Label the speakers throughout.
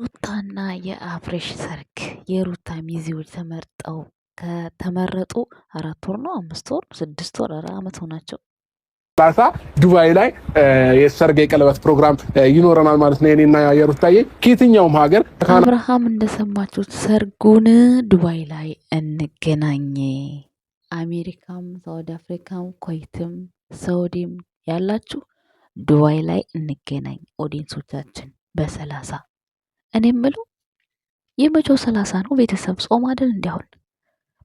Speaker 1: ሩታና የአፍሬሽ ሰርግ የሩታ ሚዜዎች ተመርጠው ከተመረጡ አራት ወር ነው፣ አምስት ወር፣ ስድስት ወር፣ አራት አመት ሆናቸው። ባሳ ዱባይ ላይ የሰርግ የቀለበት ፕሮግራም ይኖረናል ማለት ነው። የኔና የሩታዬ ከየትኛውም ሀገር አብርሃም እንደሰማችሁት ሰርጉን ዱባይ ላይ እንገናኝ አሜሪካም ሳውዲ አፍሪካም ኮይትም ሳውዲም ያላችሁ ዱባይ ላይ እንገናኝ ኦዲንሶቻችን በሰላሳ እኔ ምለው የመቼው ሰላሳ ነው ቤተሰብ ጾም አይደል እንዲያሁን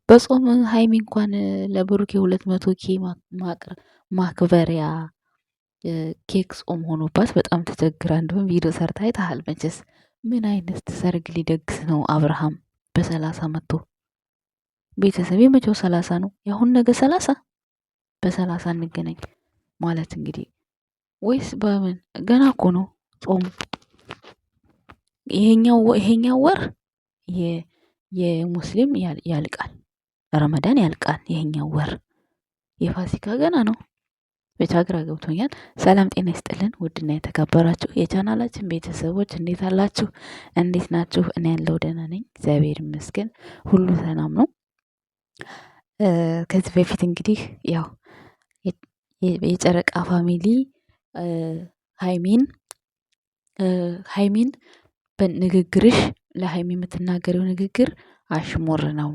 Speaker 1: በጾም ሀይሚ እንኳን ለብሩክ የሁለት መቶ ኬ ማክበሪያ ኬክ ጾም ሆኖባት በጣም ተቸግራ እንደሆን ቪዲዮ ሰርታ አይተሃል መቼስ ምን አይነት ሰርግ ሊደግስ ነው አብርሃም በሰላሳ መቶ ቤተሰብ የመቼው ሰላሳ ነው። ያሁን ነገ ሰላሳ በሰላሳ እንገናኝ ማለት እንግዲህ ወይስ በምን ገና እኮ ነው ጾሙ። ይሄኛው ወር የሙስሊም ያልቃል፣ ረመዳን ያልቃል። ይሄኛው ወር የፋሲካ ገና ነው። ብቻ ግራ ገብቶኛል። ሰላም ጤና ይስጥልን ውድና የተከበራችሁ የቻናላችን ቤተሰቦች እንዴት አላችሁ? እንዴት ናችሁ? እኔ ያለው ደህና ነኝ፣ እግዚአብሔር ይመስገን፣ ሁሉ ሰላም ነው። ከዚህ በፊት እንግዲህ ያው የጨረቃ ፋሚሊ ሀይሚን ሀይሚን ንግግርሽ ለሀይሚ የምትናገሪው ንግግር አሽሙር ነው፣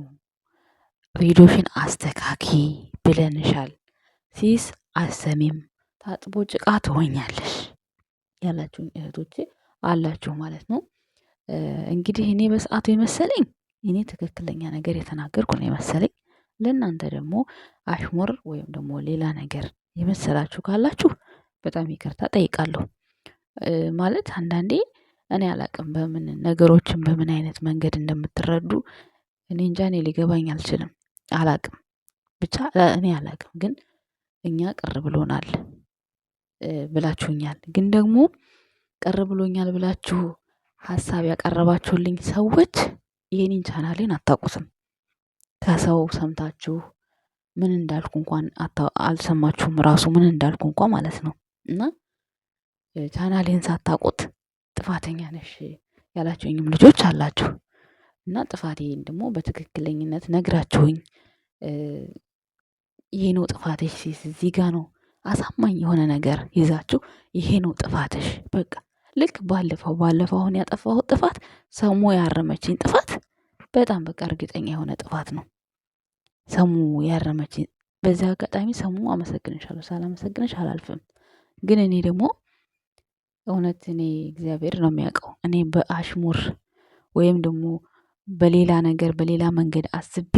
Speaker 1: ሬዲዮሽን አስተካኪ ብለንሻል፣ ሲስ አሰሚም ታጥቦ ጭቃ ትሆኛለሽ ያላችሁን እህቶቼ አላችሁ ማለት ነው። እንግዲህ እኔ በሰዓቱ የመሰለኝ እኔ ትክክለኛ ነገር የተናገርኩ ነው የመሰለኝ። ለእናንተ ደግሞ አሽሙር ወይም ደግሞ ሌላ ነገር የመሰላችሁ ካላችሁ በጣም ይቅርታ ጠይቃለሁ። ማለት አንዳንዴ እኔ አላቅም በምን ነገሮችን በምን አይነት መንገድ እንደምትረዱ እኔ እንጃ እኔ ሊገባኝ አልችልም አላቅም ብቻ እኔ አላቅም ግን እኛ ቅር ብሎናል ብላችሁኛል። ግን ደግሞ ቅር ብሎኛል ብላችሁ ሀሳብ ያቀረባችሁልኝ ሰዎች የኔን ቻናሌን አታውቁትም። ከሰው ሰምታችሁ ምን እንዳልኩ እንኳን አልሰማችሁም። ራሱ ምን እንዳልኩ እንኳ ማለት ነው። እና ቻናሌን ሳታውቁት ጥፋተኛ ነሽ ያላችሁኝም ልጆች አላችሁ እና ጥፋቴን ደግሞ በትክክለኝነት ነግራችሁኝ ይሄ ነው ጥፋትሽ፣ እዚህ ጋ ነው አሳማኝ የሆነ ነገር ይዛችሁ ይሄ ነው ጥፋትሽ፣ በቃ ልክ ባለፈው ባለፈው አሁን ያጠፋሁት ጥፋት ሰሙ ያረመችኝ ጥፋት በጣም በቃ እርግጠኛ የሆነ ጥፋት ነው። ሰሙ ያረመችኝ። በዚህ አጋጣሚ ሰሙ አመሰግንሻለሁ፣ ሳላመሰግንሽ አላልፍም። ግን እኔ ደግሞ እውነት እኔ እግዚአብሔር ነው የሚያውቀው እኔ በአሽሙር ወይም ደግሞ በሌላ ነገር በሌላ መንገድ አስቤ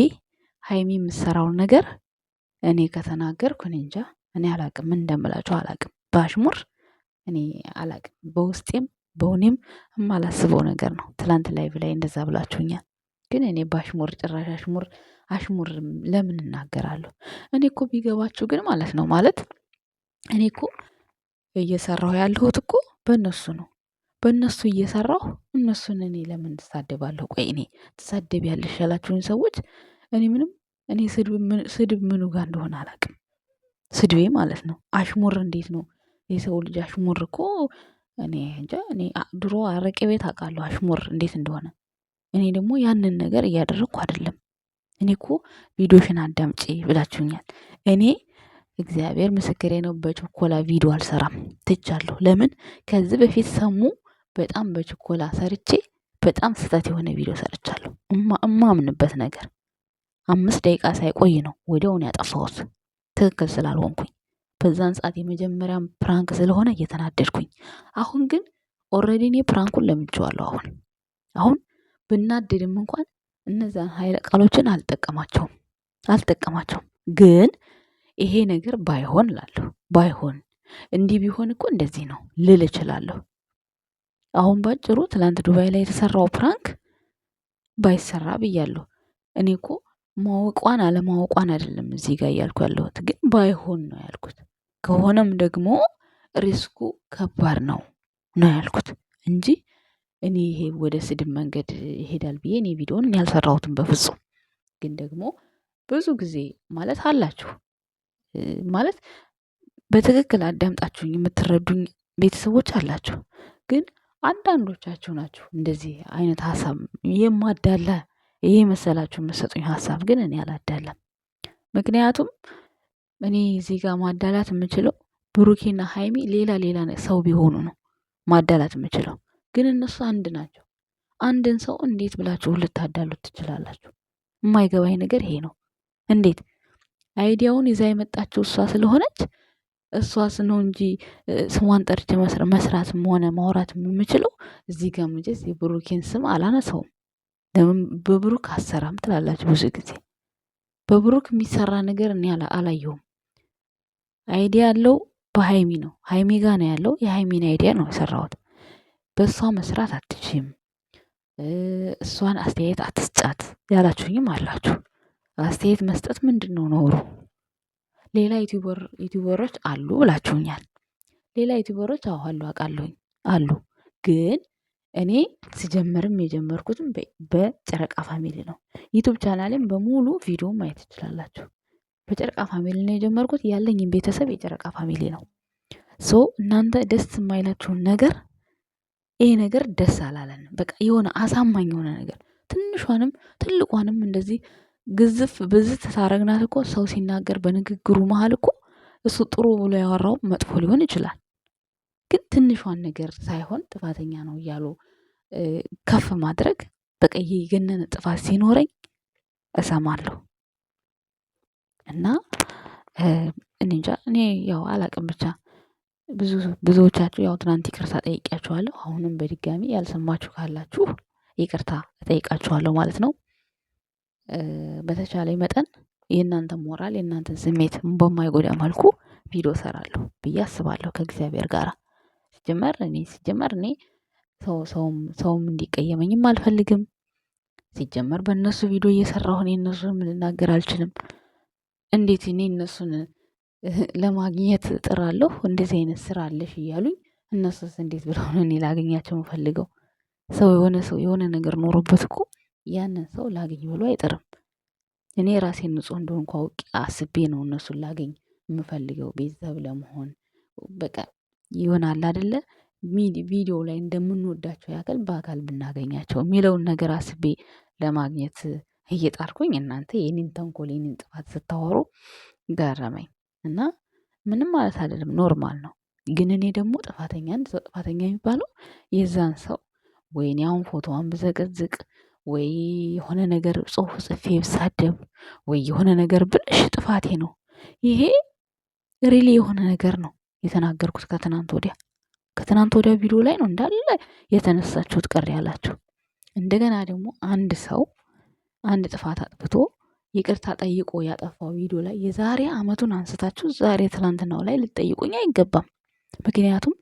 Speaker 1: ሀይሚ የምሰራውን ነገር እኔ ከተናገርኩ እኔ እንጃ እኔ አላቅም፣ ምን እንደምላችሁ አላቅም። በአሽሙር እኔ አላቅም በውስጤም በውኔም የማላስበው ነገር ነው። ትላንት ላይ ብላይ እንደዛ ብላችሁኛል። ግን እኔ በአሽሙር ጭራሽ አሽሙር አሽሙር ለምን እናገራለሁ? እኔ እኮ ቢገባችሁ ግን ማለት ነው ማለት እኔ እኮ እየሰራሁ ያለሁት እኮ በእነሱ ነው። በእነሱ እየሰራሁ እነሱን እኔ ለምን ትሳደባለሁ? ቆይ እኔ ትሳደብ ያለሽ ያላችሁኝ ሰዎች እኔ ምንም እኔ ስድብ ምኑ ጋር እንደሆነ አላቅም። ስድቤ ማለት ነው አሽሙር እንዴት ነው የሰው ልጅ አሽሙር እኮ እኔ እንጃ እኔ ድሮ አረቄ ቤት አውቃለሁ አሽሙር እንዴት እንደሆነ። እኔ ደግሞ ያንን ነገር እያደረግኩ አይደለም። እኔ እኮ ቪዲዮሽን አዳምጪ ብላችሁኛል። እኔ እግዚአብሔር ምስክሬ ነው፣ በችኮላ ቪዲዮ አልሰራም ትቻለሁ። ለምን ከዚህ በፊት ሰሙ በጣም በችኮላ ሰርቼ በጣም ስህተት የሆነ ቪዲዮ ሰርቻለሁ። እማምንበት ነገር አምስት ደቂቃ ሳይቆይ ነው ወዲያውን ያጠፋሁት ትክክል ስላልሆንኩኝ በዛን ሰዓት የመጀመሪያም ፕራንክ ስለሆነ እየተናደድኩኝ አሁን ግን ኦረዲ እኔ ፕራንኩን ለምጄዋለሁ። አሁን አሁን ብናደድም እንኳን እነዛን ኃይለ ቃሎችን አልጠቀማቸውም አልጠቀማቸውም ግን ይሄ ነገር ባይሆን እላለሁ ባይሆን እንዲህ ቢሆን እኮ እንደዚህ ነው ልል እችላለሁ። አሁን ባጭሩ ትላንት ዱባይ ላይ የተሰራው ፕራንክ ባይሰራ ብያለሁ። እኔ እኮ ማወቋን አለማወቋን አይደለም እዚህ ጋር እያልኩ ያለሁት ግን ባይሆን ነው ያልኩት ከሆነም ደግሞ ሪስኩ ከባድ ነው ነው ያልኩት እንጂ እኔ ይሄ ወደ ስድብ መንገድ ይሄዳል ብዬ እኔ ቪዲዮን ያልሰራሁትም በፍጹም። ግን ደግሞ ብዙ ጊዜ ማለት አላችሁ ማለት በትክክል አዳምጣችሁኝ የምትረዱኝ ቤተሰቦች አላችሁ። ግን አንዳንዶቻችሁ ናችሁ እንደዚህ አይነት ሀሳብ የማዳላ ይሄ መሰላችሁ የምሰጡኝ ሀሳብ ግን እኔ አላዳለም ምክንያቱም እኔ እዚህ ጋር ማዳላት የምችለው ብሩኬና ሀይሚ ሌላ ሌላ ሰው ቢሆኑ ነው ማዳላት የምችለው። ግን እነሱ አንድ ናቸው። አንድን ሰው እንዴት ብላችሁ ልታዳሉት ትችላላችሁ? የማይገባኝ ነገር ይሄ ነው። እንዴት አይዲያውን ይዛ የመጣችው እሷ ስለሆነች እሷስ ነው እንጂ ስሟን ጠርቼ መስራትም ሆነ ማውራት የምችለው እዚህ ጋር ምጀ የብሩኬን ስም አላነሳውም። ለምን በብሩክ አሰራም ትላላችሁ ብዙ ጊዜ በብሩክ የሚሰራ ነገር እኔ አላየውም አይዲያ ያለው በሃይሚ ነው። ሃይሚ ጋ ነው ያለው። የሃይሚን አይዲያ ነው የሰራሁት። በእሷ መስራት አትችም፣ እሷን አስተያየት አትስጫት ያላችሁኝም አላችሁ። አስተያየት መስጠት ምንድን ነው ኖሩ? ሌላ ዩቲዩበሮች አሉ ብላችሁኛል። ሌላ ዩቲዩበሮች አዋሉ አውቃለሁኝ አሉ። ግን እኔ ስጀምርም የጀመርኩትም በጨረቃ ፋሚሊ ነው። ዩቱብ ቻናሌም በሙሉ ቪዲዮ ማየት ትችላላችሁ። በጨረቃ ፋሚሊ ነው የጀመርኩት። ያለኝም ቤተሰብ የጨረቃ ፋሚሊ ነው። ሶ እናንተ ደስ የማይላችሁን ነገር ይሄ ነገር ደስ አላለንም። በቃ የሆነ አሳማኝ የሆነ ነገር ትንሿንም ትልቋንም እንደዚህ ግዝፍ ብዝት ታረግናት እኮ ሰው ሲናገር በንግግሩ መሀል እኮ እሱ ጥሩ ብሎ ያወራው መጥፎ ሊሆን ይችላል። ግን ትንሿን ነገር ሳይሆን ጥፋተኛ ነው እያሉ ከፍ ማድረግ በቀይ የገነነ ጥፋት ሲኖረኝ እሰማለሁ። እና እኔ እንጃ እኔ ያው አላውቅም ብቻ ብዙ ብዙዎቻችሁ ያው ትናንት ይቅርታ ጠይቄያችኋለሁ። አሁንም በድጋሚ ያልሰማችሁ ካላችሁ ይቅርታ ጠይቃችኋለሁ ማለት ነው። በተቻለኝ መጠን የእናንተን ሞራል የእናንተን ስሜት በማይጎዳ መልኩ ቪዲዮ ሰራለሁ ብዬ አስባለሁ ከእግዚአብሔር ጋር ሲጀመር እኔ ሲጀመር እኔ ሰው ሰውም ሰውም እንዲቀየመኝም አልፈልግም። ሲጀመር በእነሱ ቪዲዮ እየሰራሁ እኔ እነሱን ልናገር አልችልም። እንዴት እኔ እነሱን ለማግኘት እጥራለሁ እንደዚህ አይነት ስራ አለሽ እያሉኝ እነሱስ እንዴት ብለው ነው እኔ ላገኛቸው የምፈልገው? ሰው የሆነ ሰው የሆነ ነገር ኖሮበት እኮ ያንን ሰው ላገኝ ብሎ አይጥርም። እኔ ራሴን ንጹህ እንደሆንኩ አውቄ አስቤ ነው እነሱን ላገኝ የምፈልገው ቤተሰብ ለመሆን በቃ ይሆናል አደለ ቪዲዮ ላይ እንደምንወዳቸው ያክል በአካል ብናገኛቸው የሚለውን ነገር አስቤ ለማግኘት እየጣርኩኝ እናንተ የኔን ተንኮል የኔን ጥፋት ስታወሩ ገረመኝ እና ምንም ማለት አይደለም፣ ኖርማል ነው። ግን እኔ ደግሞ ጥፋተኛ አንድ ሰው ጥፋተኛ የሚባለው የዛን ሰው ወይኔ አሁን ፎቶዋን ብዘቀዝቅ ወይ የሆነ ነገር ጽሁፍ ጽፌ ብሳደብ ወይ የሆነ ነገር ብል ጥፋቴ ነው። ይሄ ሪሊ የሆነ ነገር ነው የተናገርኩት ከትናንት ወዲያ ከትናንት ወዲያ ቪዲዮ ላይ ነው እንዳለ የተነሳችሁት ቅር ያላችሁ። እንደገና ደግሞ አንድ ሰው አንድ ጥፋት አጥብቶ ይቅርታ ጠይቆ ያጠፋው ቪዲዮ ላይ የዛሬ አመቱን አንስታችሁ ዛሬ ትላንትናው ላይ ልጠይቁኝ አይገባም። ምክንያቱም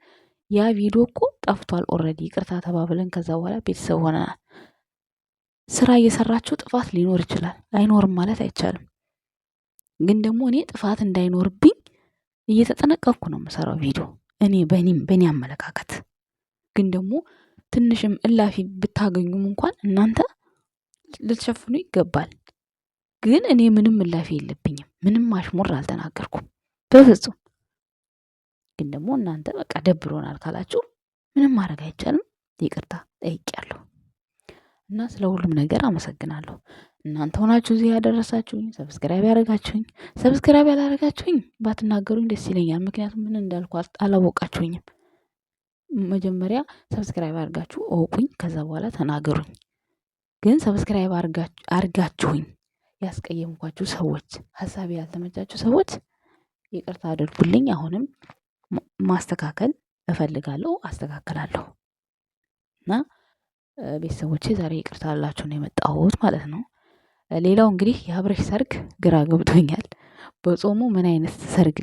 Speaker 1: ያ ቪዲዮ እኮ ጠፍቷል ኦልሬዲ ይቅርታ ተባብለን ከዛ በኋላ ቤተሰብ ሆነናል። ስራ እየሰራችሁ ጥፋት ሊኖር ይችላል፣ አይኖርም ማለት አይቻልም። ግን ደግሞ እኔ ጥፋት እንዳይኖርብኝ እየተጠነቀቅኩ ነው የምሰራው ቪዲዮ እኔ በእኔም በእኔ አመለካከት ግን ደግሞ ትንሽም እላፊ ብታገኙም እንኳን እናንተ ልትሸፍኑ ይገባል። ግን እኔ ምንም ምላፊ የለብኝም። ምንም አሽሙር አልተናገርኩም በፍጹም። ግን ደግሞ እናንተ በቃ ደብሮናል ካላችሁ ምንም ማድረግ አይቻልም። ይቅርታ ጠይቄያለሁ እና ስለ ሁሉም ነገር አመሰግናለሁ። እናንተ ሆናችሁ እዚህ ያደረሳችሁኝ፣ ሰብስክራይብ ያደረጋችሁኝ፣ ሰብስክራይብ ያላደረጋችሁኝ ባትናገሩኝ ደስ ይለኛል። ምክንያቱም ምን እንዳልኩ አላወቃችሁኝም። መጀመሪያ ሰብስክራይብ አድርጋችሁ እወቁኝ፣ ከዛ በኋላ ተናገሩኝ። ግን ሰብስክራይብ አርጋችሁኝ ያስቀየምኳችሁ ሰዎች፣ ሀሳብ ያልተመቻችሁ ሰዎች ይቅርታ አድርጉልኝ። አሁንም ማስተካከል እፈልጋለሁ፣ አስተካክላለሁ። እና ቤተሰቦቼ ዛሬ ይቅርታ አላችሁ ነው የመጣሁት ማለት ነው። ሌላው እንግዲህ የአብረሽ ሰርግ ግራ ገብቶኛል። በጾሙ ምን አይነት ሰርግ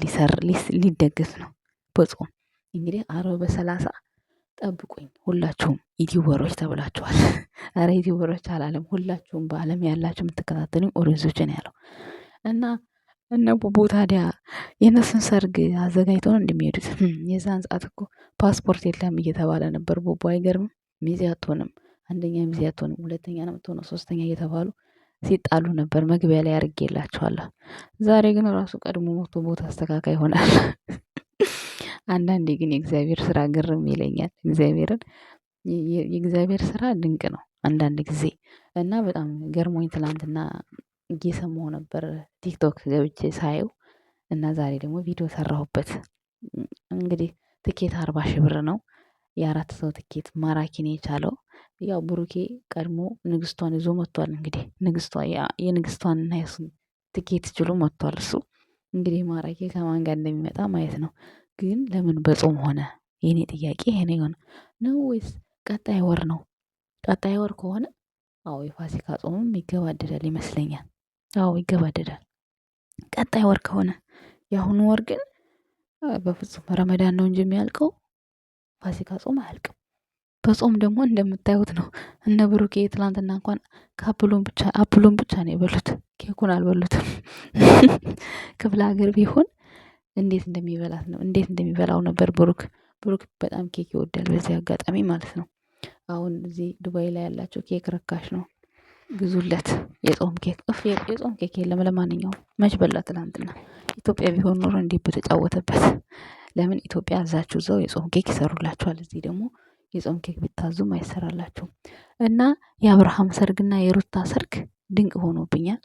Speaker 1: ሊደገስ ነው? በጾም እንግዲህ አርብ በሰላሳ ጠብቁኝ ሁላችሁም ዩቲዩበሮች ተብላችኋል። አረ ዩቲዩበሮች አላለም። ሁላችሁም በዓለም ያላችሁ የምትከታተሉ ኦሬንዞችን ያለው እና እነ ቡቡ ታዲያ የእነሱን ሰርግ አዘጋጅተው ነው እንደሚሄዱት። hm የዛን ሰዓት እኮ ፓስፖርት የለም እየተባለ ነበር። ቡቡ አይገርምም። ሚዜ አትሆንም፣ አንደኛ ሚዜ አትሆንም፣ ሁለተኛ ነው የምትሆነው፣ ሶስተኛ እየተባሉ ሲጣሉ ነበር። መግቢያ ላይ አድርጌላችኋለሁ። ዛሬ ግን ራሱ ቀድሞ ሞቶ ቦታ አስተካካይ ይሆናል። አንዳንዴ ግን የእግዚአብሔር ስራ ግርም ይለኛል። እግዚአብሔርን የእግዚአብሔር ስራ ድንቅ ነው። አንዳንድ ጊዜ እና በጣም ገርሞኝ ትላንትና እየሰማሁ ነበር ቲክቶክ ገብቼ ሳየው እና ዛሬ ደግሞ ቪዲዮ ሰራሁበት። እንግዲህ ትኬት አርባ ሺህ ብር ነው የአራት ሰው ትኬት ማራኪን የቻለው ያው ብሩኬ ቀድሞ ንግስቷን ይዞ መጥቷል። እንግዲህ ንግስቷ የንግስቷን እና የሱን ትኬት ችሎ መጥቷል። እሱ እንግዲህ ማራኪ ከማን ጋር እንደሚመጣ ማየት ነው። ግን ለምን በጾም ሆነ? የኔ ጥያቄ ይሄ ነው ነው ወይስ ቀጣይ ወር ነው? ቀጣይ ወር ከሆነ አዎ የፋሲካ ጾምም ይገባደዳል ይመስለኛል። አዎ ይገባደዳል። ቀጣይ ወር ከሆነ የአሁኑ ወር ግን በፍጹም ረመዳን ነው እንጂ የሚያልቀው ፋሲካ ጾም አያልቅም። በጾም ደግሞ እንደምታዩት ነው እነ ብሩኬ ትላንትና እንኳን ከአብሎን ብቻ አብሎን ብቻ ነው የበሉት ኬኩን አልበሉትም። ክፍለ ሀገር ቢሆን እንዴት እንደሚበላት ነው እንዴት እንደሚበላው ነበር። ብሩክ ብሩክ በጣም ኬክ ይወዳል። በዚህ አጋጣሚ ማለት ነው። አሁን እዚህ ዱባይ ላይ ያላቸው ኬክ ረካሽ ነው። ግዙለት የጾም ኬክ የጾም ኬክ የለም። ለማንኛውም መች በላ ትላንትና። ኢትዮጵያ ቢሆን ኖሮ እንዴት በተጫወተበት። ለምን ኢትዮጵያ አዛችሁ እዛው የጾም ኬክ ይሰሩላችኋል። እዚህ ደግሞ የጾም ኬክ ብታዙም አይሰራላችሁም። እና የአብርሃም ሰርግና የሩታ ሰርግ ድንቅ ሆኖብኛል።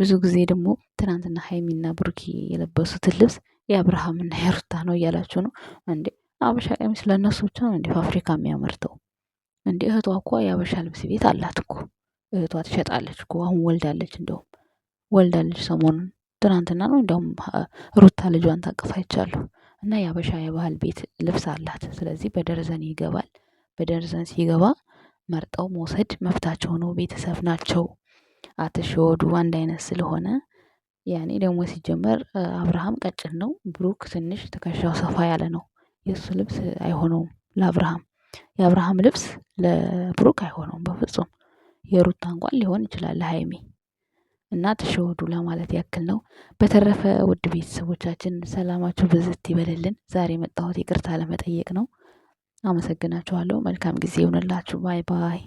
Speaker 1: ብዙ ጊዜ ደግሞ ትናንትና ሀይሚና ብሩኪ የለበሱትን ልብስ የአብርሃምና የሩታ ነው እያላችሁ ነው እንዴ? አበሻ ቀሚስ ለእነሱ ብቻ ነው እንዲ ፋብሪካ የሚያመርተው እንዴ? እህቷ እኮ የአበሻ ልብስ ቤት አላት እኮ እህቷ ትሸጣለች እኮ አሁን ወልዳለች፣ እንደውም ወልዳለች። ሰሞኑን ትናንትና ነው እንደውም ሩታ ልጇን ታቅፋ አይቻለሁ። እና የአበሻ የባህል ቤት ልብስ አላት። ስለዚህ በደርዘን ይገባል። በደርዘን ሲገባ መርጠው መውሰድ መብታቸው ነው። ቤተሰብ ናቸው። አትሸወዱ። አንድ አይነት ስለሆነ ያኔ ደግሞ ሲጀመር አብርሃም ቀጭን ነው፣ ብሩክ ትንሽ ትከሻው ሰፋ ያለ ነው። የእሱ ልብስ አይሆነውም ለአብርሃም። የአብርሃም ልብስ ለብሩክ አይሆነውም በፍጹም። የሩታ እንኳን ሊሆን ይችላል ለሀይሚ እና ተሸወዱ ለማለት ያክል ነው። በተረፈ ውድ ቤተሰቦቻችን ሰላማችሁ ብዝት ይበልልን። ዛሬ የመጣሁት ይቅርታ ለመጠየቅ ነው። አመሰግናችኋለሁ። መልካም ጊዜ ይሁንላችሁ። ባይ ባይ